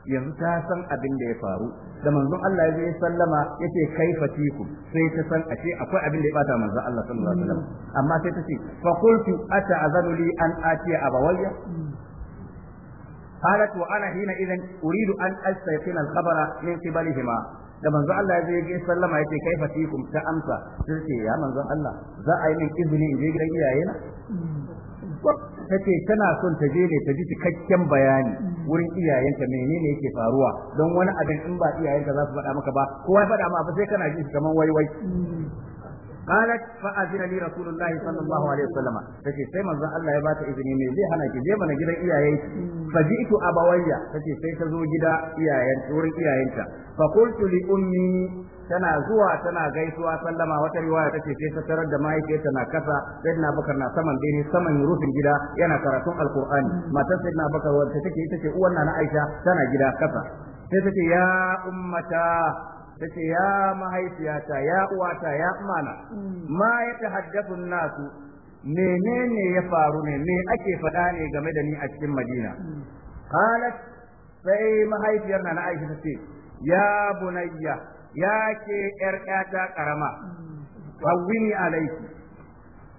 yanzu ta san abin da ya faru da manzon Allah ya zai sallama yace kaifa tiku sai ta san a ce akwai abin da ya bata manzon Allah sallallahu alaihi wasallam amma sai ta ce fa qultu ata'azanu li an atiya abawayya قالت وانا حينئذ اريد ان استيقن الخبر من قبلهما da manzo Allah ya je ya sallama yace kai fatikum ta amsa sai ce ya manzo Allah za a yi min izini in je gidan iyaye na take tana son ta je ne ta ji cikakken bayani wurin iyayenta menene yake faruwa don wani abin in ba iyayenta za su faɗa maka ba ko wai faɗa ma fa sai kana ji kaman wai wai qalat fa azina li rasulullah sallallahu alaihi wasallama take sai manzo Allah ya bata izini ne zai hana ki je mana gidan iyayenki fa jiitu abawayya take sai ta zo gida iyayen wurin iyayenta fa qultu li tana zuwa tana gaisuwa sallama wata riwaya tace sai ta tarar da mahaifiyarta na kasa na bakar na saman bene saman rufin gida yana karatun alqur'ani matar na bakar wanda take tace ce uwar na aisha tana gida kasa sai tace ya ummata tace ya mahaifiyata ya uwata ya mana ma ya tahaddathu nasu menene ya faru ne me ake faɗa ne game da ni a cikin madina qalat sai mahaifiyar na aisha tace ya bunayya ya ke ‘yar ‘yata ƙarama, hawwini alaiki,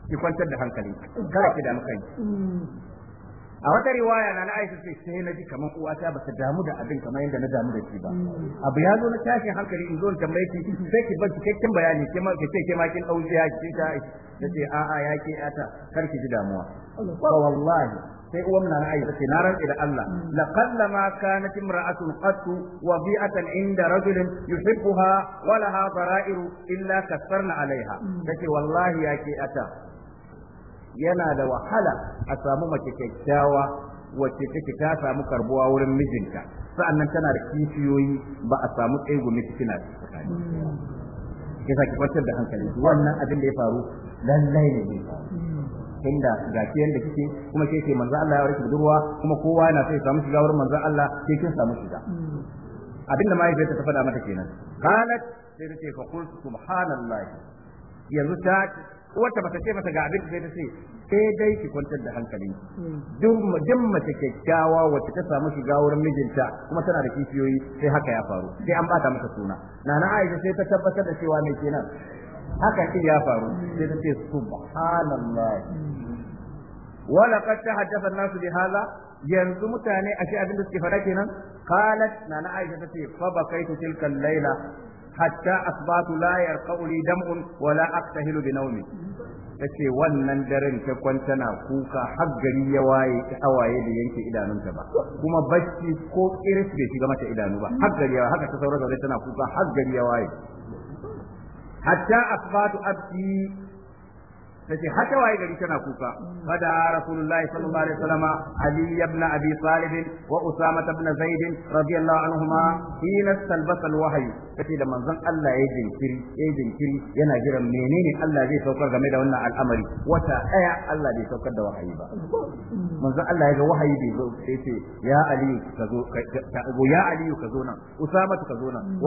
ki kwantar da hankali, kada ki damu kai. A wata riwaya na Aisha sai sai na ji kamar uwata ba ta damu da abin kamar yadda na damu da shi ba. Abu ya zo na tashin hankali in zo ta mai ki sai ki bar cikakken bayani ke ma ke ke ma kin dauki ki ta ce a'a ya ke ata kar ki ji damuwa. Wallahi sai uwan na na ta ce na rantsi da Allah laqad lama kanat imra'atun qattu wadi'atan inda rajulin yuhibbuha wa laha bara'iru illa kasarna alaiha take wallahi yake ata yana da wahala a samu mace kyakkyawa wacce take ta samu karbuwa wurin mijinta sa'annan tana da kishiyoyi ba a samu tsegumi fitina tsakani yasa ki kwantar da hankali wannan abin da ya faru lallai ne zai faru tunda ga yanda kike kuma ke ce manzo Allah ya warke budurwa kuma kowa yana so ya samu shiga wurin manzo Allah ke kin samu shiga mm. abinda mahaifiyarta ta faɗa mata kenan qalat sai ta ce fa qul subhanallah yanzu ta wata bata ce mata ga abin da sai ta ce sai dai ki kwantar da hankali mm. duk mace kyakkyawa wacce ta samu shiga wurin mijinta kuma tana da kishiyoyi sai haka ya faru sai an bata mata suna nana Aisha sai ta tabbatar da cewa mai kenan haka shi ya faru sai ta ce subhanallah wala qad tahaddatha an-nas bi hadha yanzu mutane a shi abin da suke fara kenan qalat na na aisha tace fa bakaitu tilkal al-laila hatta asbatu la yarqauli dam'un wala aqtahilu bi nawmi tace wannan daren ta kwantana kuka har gari ya waye ta hawaye da yanke idanunta ba kuma bacci ko iris bai shiga mata idanu ba har gari ya haka ta saurara zaure tana kuka har gari ya waye hatta asbatu abdi tace haka waye gari tana kuka fada rasulullahi sallallahu alaihi wasallam ali ibn abi talib wa usama ibn zaid radiyallahu anhuma hina alwahyi da manzon Allah ya jinkiri ya jinkiri yana jiran menene Allah zai saukar game da wannan al'amari wata Allah bai saukar da wahayi ba manzon Allah ya ga wahayi bai zo sai ce ya ali ka zo ya ali ka zo nan usama ka zo nan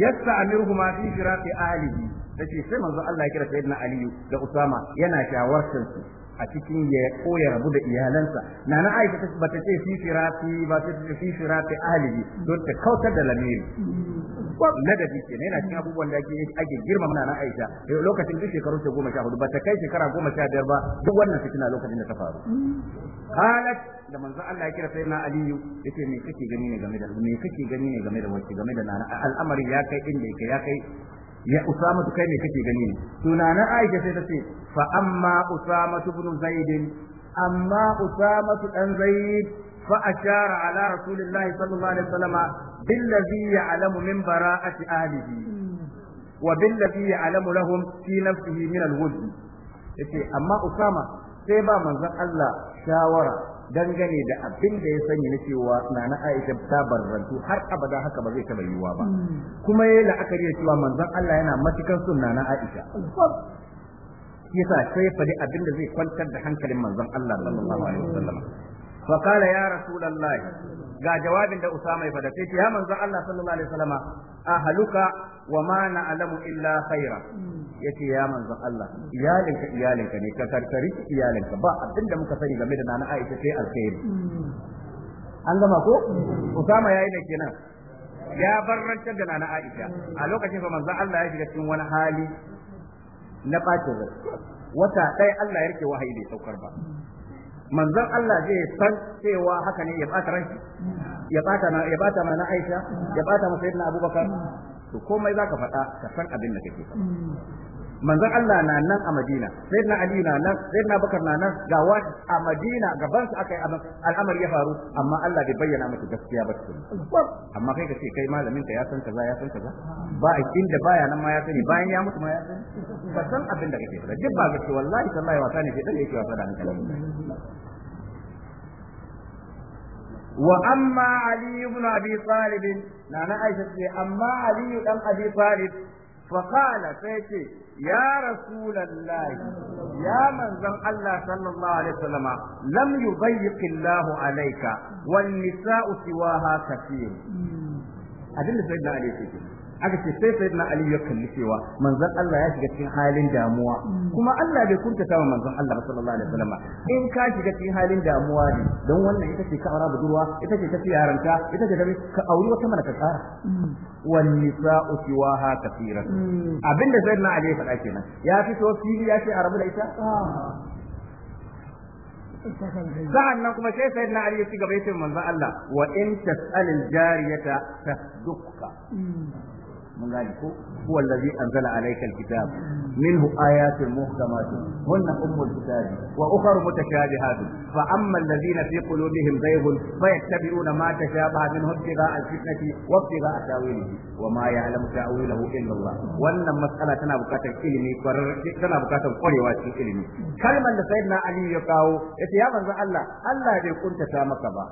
yasta'miruhu ma fi firaqi ahlihi tace sai manzo Allah ya kira sayyidina Ali da Usama yana shawartar su a cikin ya ko ya rabu da iyalansa na na aisha ta bata ce fi firafi ba ta ce fi firafi ahlihi don ta kautar da lamiri Na da ke ne yana cikin abubuwan da ake ake girma mana na aisha eh, lokacin duk shekaru ta goma sha hudu ba ta kai shekara goma sha biyar ba duk wannan fitina lokacin da ta faru halat da manzo Allah ya kira sai na aliyu yace me kake gani ne game da me kake gani ne game da wace game da nana al'amari ya kai inda yake ya kai ya usama su kai me kake gani ne tunana aisha sai ta ce fa amma usama ibn zaid amma usama dan zaid fa ashara ala rasulillahi sallallahu alaihi wasallam billazi ya'lamu min bara'ati ahlihi wa billazi ya'lamu lahum fi nafsihi min al-wujd yace amma usama sai ba manzon Allah shawara dangane da abin da ya sani na cewa na na Aisha ta barrantu har abada haka ba zai taba yiwuwa ba hmm. kuma yayin la'akari da cewa manzon Allah yana matukan son na Aisha yasa sai fadi abin da zai kwantar da hankalin manzon Allah sallallahu alaihi wasallam fa qala ya rasulullah ga jawabin da Usama ya fada sai ya manzon Allah sallallahu alaihi wasallam ahaluka wa ma na'lamu illa khaira hmm. yace ya manzon Allah iyalinka iyalinka ne ka karkari iyalinka ba abinda muka sani game da nana Aisha sai alkhairi an gama ko Usama yayi da kenan ya bar barrantar da nana Aisha a lokacin fa manzon Allah ya shiga cikin wani hali na bacin rai wata ɗaya Allah ya rike wahayi bai saukar ba manzon Allah zai san cewa haka ne ya bata ranki ya bata na ya bata mana Aisha ya bata masa Sayyidina Abubakar to komai zaka faɗa ka san abin da kake faɗa mm. manzon Allah na nan a Madina sayyidina Ali na nan sayyidina Bakar na nan ga a Madina gaban su aka yi al'amari ya faru amma Allah bai bayyana maka gaskiya ba su amma kai ka ce kai malamin ka ya san kaza ya san kaza ba a inda baya nan ma ya sani bayan ya mutu ma ya sani ba san abin da kake faɗa duk ba gaskiya wallahi sallahi wasa ne ke dan yake wasa da hankalin wa amma ali ibn abi talib na na aisha ce amma Aliyu dan abi talib fa qala sai ce ya rasulullahi ya manzon Allah sallallahu alaihi wasallama lam yubayyiq Allah alayka wan nisa'u siwaha kathir hadin sai da ali ce aka ce sai sai na aliyu ya kalli cewa manzon Allah ya shiga cikin halin damuwa kuma Allah bai kunta sama manzon Allah sallallahu alaihi wasallam in ka shiga cikin halin damuwa ne don wannan ita ce ka aura budurwa ita ce ta yaranta ita ce ka auri wata mana ka tsara wan nisa'u siwaha kaseeran hmm. abinda sayyidina ali ya faɗa kenan ya fito fili ya ce a rabu da ita sa'an nan kuma sai sayyidina ali ya ci gaba ya ce manzon Allah wa in tas'alil jariyata tasduqka hmm. mun gane ko huwa allazi anzala alayka alkitab minhu ayatun muhkamatun hunna ummul kitab wa ukhra mutashabihat fa amma allazina fi qulubihim zayghun fayattabi'una ma tashabaha minhu ibtigha'a alfitnati wa ibtigha'a tawilihi wa ma ya'lamu ta'wilahu illa Allah wannan mas'ala tana bukatar ilimi tana bukatar kwarewa cikin ilimi kalmar da sayyidina Ali ya kawo yace ya manzo Allah Allah bai kuntata maka ba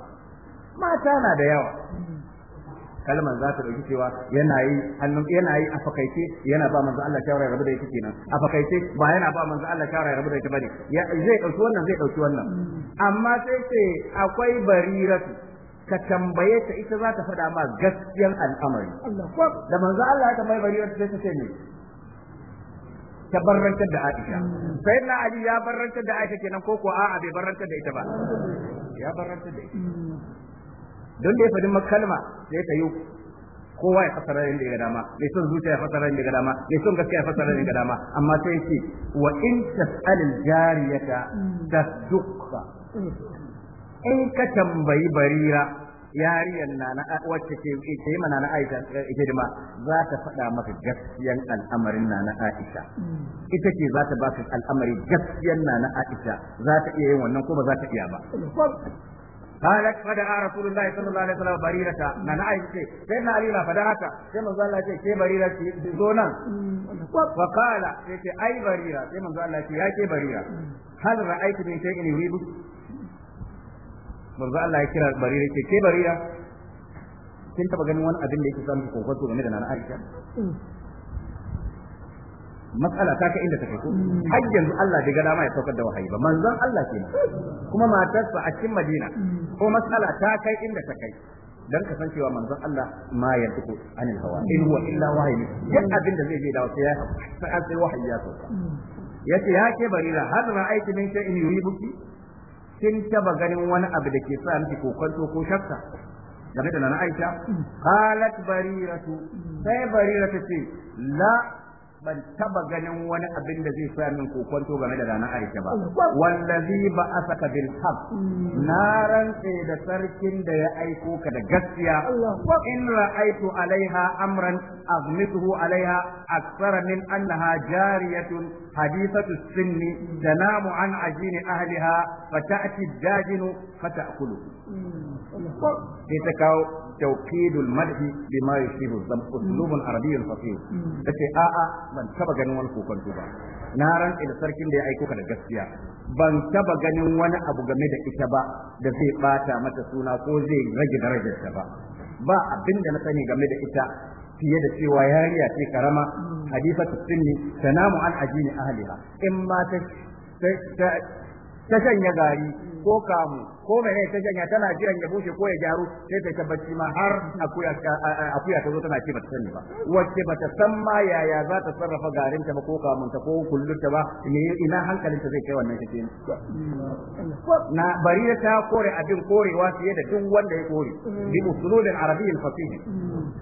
mata na da yawa kalmar za ta dauki cewa yana yi hannun yana yi a fakaice yana ba manzo Allah shawara rabu da yake kenan a fakaice ba yana ba manzo Allah shawara rabu da yake bane zai dauki wannan zai dauki wannan amma sai ce akwai bariratu ka tambaye ta ita za ta faɗa ma gaskiyar al'amari da manzo Allah ya tambaye bariratu sai ta ce ne ta barrantar da Aisha hmm. sai na Ali ya barrantar da Aisha kenan ko ko a'a bai barrantar da ita ba ya barrantar da ita hmm. don da ya faɗi makalma sai ya yi kowa ya fasara yin da dama mai son zuciya ya fasara yin da dama mai son gaskiya ya fasara yin da dama amma sai ce wa in tas'alil jariyata dukka, in ka tambayi barira yariyar na na wacce ke yi mana na Aisha eh, hidima za ta faɗa maka gaskiyan al'amarin na na Aisha ita ce za ta ba su al'amari gaskiyan na na Aisha za ta iya yin wannan ko ba za ta iya ba قالت فدعا رسول الله صلى الله عليه وسلم بريرة نانا عائشة سيدنا علي ما فدا هكا سيما زال الله كي بريرة زونا فقال اي بريرة سيما زال الله كي يا بريرة هل رأيت من شيء يريبك manzo الله ya kira barira ce ke barira kin taba ganin wani abin da yake samu matsala ta kai inda ta kai ko har yanzu Allah bai ga dama ya saukar da wahayi ba manzon Allah kenan kuma matarsa a cikin Madina ko matsala ta kai inda ta kai dan ka san cewa manzon Allah ma ya tuku anil hawa in huwa illa wahayi duk abin da zai je dawo sai ya sai sai wahayi ya sauka yace ya ke barira har ra'aiti min in shay'in yuribuki kin taba ganin wani abu da ke sa miki kokonto ko shakka game da nana Aisha qalat bariratu sai barira ta ce la ban taba ganin wani abin da zai sa min kokonto game da ranar Aisha ba wallazi ba asaka bil haq hmm. na rantse da sarkin da ya aiko ka da gaskiya in ra'aitu alaiha amran azmituhu alaiha aksara min annaha jariyatun hadithatu sinni da namu an ajini ahliha fa ta'ti dajinu fa ta'kulu sai ta kawo tawqidul madhi bima yushibu zam uslubun arabiyyun fasih tace a a ban taba ganin wani kokonto ba na rantsa da sarkin da ya aiko ka gaskiya ban taba ganin wani abu game da ita ba da zai bata mata suna ko zai rage darajarta ba ba abinda na sani game da ita fiye da cewa yariya ce karama hadifatu sunni tanamu an ajini ahliha in ma ta ta shanya gari ko kamu ko mene ta shanya tana jiran ya bushe ko ya gyaru sai ta ta bacci ma har akuya ta zo tana ce bata sani ba wacce bata san ma yaya za ta sarrafa garinta ba ko ta ko kullunta ba me ina hankalinta zai kai wannan take na bari ta kore abin korewa fiye da duk wanda ya kore bi usulul arabiyyin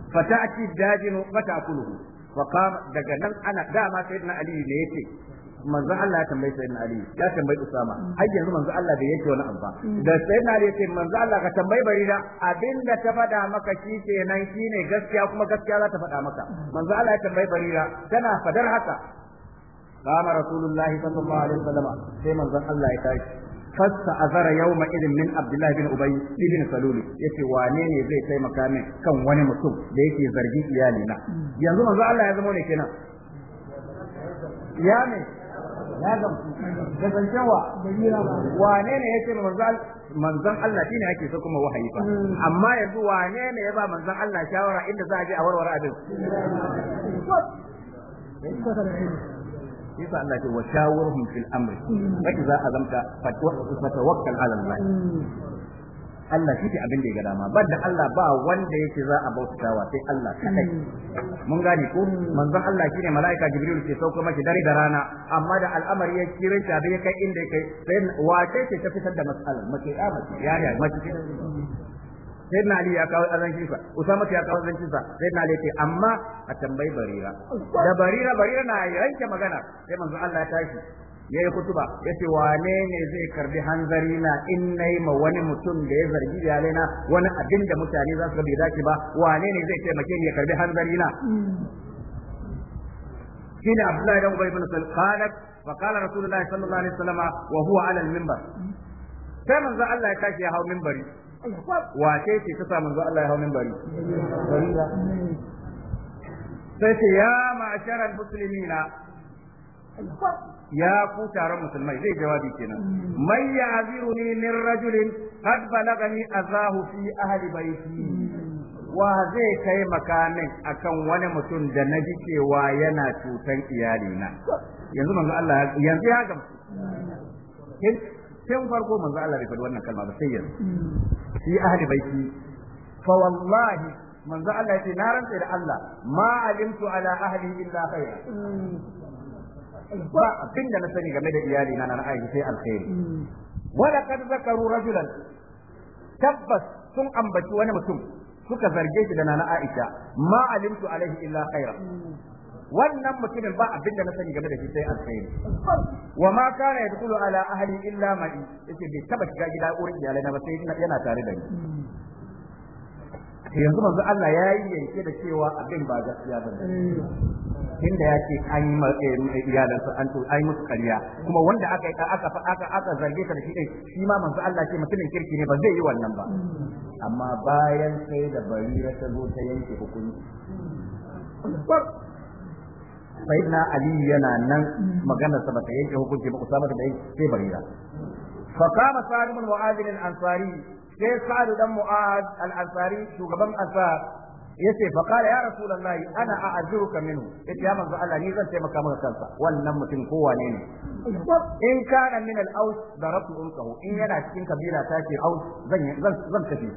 fasih dajin wa fata'kuluhu فقام دغنن انا داما سيدنا علي ne ce. manzon Allah ya tambayi sayyidina Ali ya tambayi Usama har yanzu manzon Allah bai yake wani amfa da sayyidina Ali ya yake manzon Allah ka tambayi Barira abinda ta fada maka shi kenan shi ne gaskiya kuma gaskiya za ta fada maka manzon Allah ya tambayi Barira tana fadar haka kama rasulullahi sallallahu alaihi wasallam sai manzon Allah ya tashi fasta azara yau ma'irin min abdullahi bin ubayi ibn saluli yace wane ne zai kai makamin kan wani mutum da yake zargin iyalina yanzu manzo Allah ya zama ne kenan ya ne ya gamsu da zancewa wane ne yake manzon manzan Allah shine ake so kuma wahayi fa amma yanzu wane ne ya ba manzan Allah shawara inda za a je a warware abin yasa Allah ce wa shawurhum fil amri fa idza azamta fatawakkal ala Allah Allah shi abin da ya ga dama da Allah ba wanda yake za a bauta bautawa sai Allah kai. Hmm. mun gane ko manzo Allah shine malaika Jibril ke sauko maki dare da rana amma da al'amari ya kire ta da kai inda kai sai wace ce ta fitar da mas'alar mace da mace ya mace sai na ali ya kawo azan kisa, usama ya kawo azan kisa, sai na ali ce amma a tambayi barira da barira barira na yanke magana sai manzo Allah ya tashi yayi kutuba yace wane ne zai karbi hanzari na in nayi ma wani mutum da ya zargi iyalaina wani abin da mutane za su ga bai dace ba wane ne zai taimake ni ya karbi hanzari na ne Abdullahi dan Ubay bin Salul qalat fa qala Rasulullahi sallallahu alaihi wasallam wa huwa ala al-minbar sai manzo Allah ya tashi ya hawo minbari wace ce ta sa manzo Allah ya hawo minbari sai ce ya ma'asharal muslimina ya ku taron musulmai zai jawabi kenan mm. mai ya aziruni min rajulin qad balagani azahu fi ahli baiti mm. wa zai taimaka min akan wani mutum da na ji cewa yana cutan iyalina yanzu manzo Allah yanzu ya gamsu mm. Kin farko manzo Allah bai faɗi wannan kalma ba sai yanzu fi ahli baiti fa wallahi manzo Allah ya ce na rantsa da Allah ma alimtu ala ahli illa khaira ba abin da na sani game da iyali na na aiki sai alkhairi hmm. wala kad zakaru rajulan tabbas sun ambaci wani mutum suka zarge shi da nana Aisha ma alimtu alaihi illa khaira hmm. wannan mutumin ba abin da na sani game da shi sai alkhairi wa ma kana yadkhulu ala ahli illa ma'i yace bai taba shiga gida wurin iyalai na ba sai yana tare da ni hmm. yanzu manzo Allah ya yi yanke da cewa abin ba gaskiya ba ne tunda ya ce an yi eh, iyalansa an an yi musu karya, kuma wanda aka yi aka aka aka zarge ka da shi shi ma manzo Allah ce mutumin kirki ne ba zai yi wannan ba amma bayan sai da barira ta zo ta yanke hukunci Sai na ali yana nan magana sa ta yanke hukunci ba usama da bai sai barira fa qama sa'd bin mu'adh al-ansari sai sa'd dan mu'adh al-ansari shugaban ansar yace fa qala ya rasulullahi ana a'azuka minhu yace ya manzo Allah ni zan taimaka maka kansa wannan mutum ko wane ne in kana min al-aus darabtu unqahu in yana cikin kabila ta ce aus zan zan kace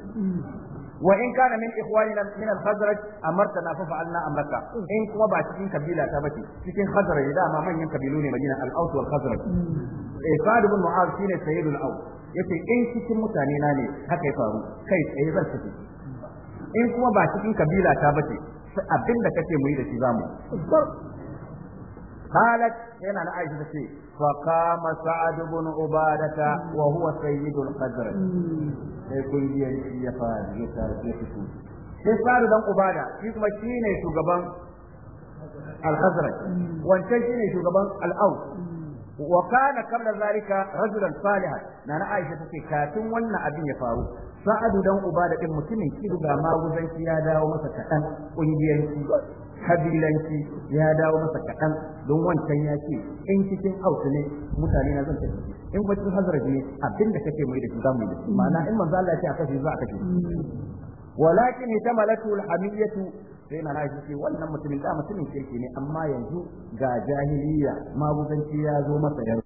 wa in kana min ikhwanina min al-khazraj amartana fa fa'alna amraka in kuma ba cikin kabila ta bace cikin khazraj da ma manyan kabilu ne madina al-aus wal khazraj Ifad eh ibn Mu'adh shine sayyidul aus yace in cikin mutane na ne haka ya faru kai tsaye zan tafi in kuma ba cikin kabila ta bace muyi da shi kace mu yi da shi zamu قالت هنا أنا عايشة تشي فقام سعد بن عبادة وهو سيد القدر يكون لي يفعل يفعل يفعل sai sa'adu dan ubada shi kuma shine shugaban al-khazraj wancan shine shugaban al-aus wa kana qabla zalika rajulan salihan nana aisha take kafin wannan abin ya faru sa'adu dan da din mutumin kirga maguzanci ya dawo masa kaɗan ƙungiyanci kabilanci ya dawo masa kaɗan don wancan ya ce in cikin hausa ne mutane na zan tafi in bacin hazaraji ne abin da kake mai da shi zamu yi ma'ana in manzo Allah ya ce a kashe za a kashe walakin tamalatu alhamiyatu sai na nashi ce wannan mutumin da mutumin kirki ne amma yanzu ga jahiliya maguzanci ya zo masa yanzu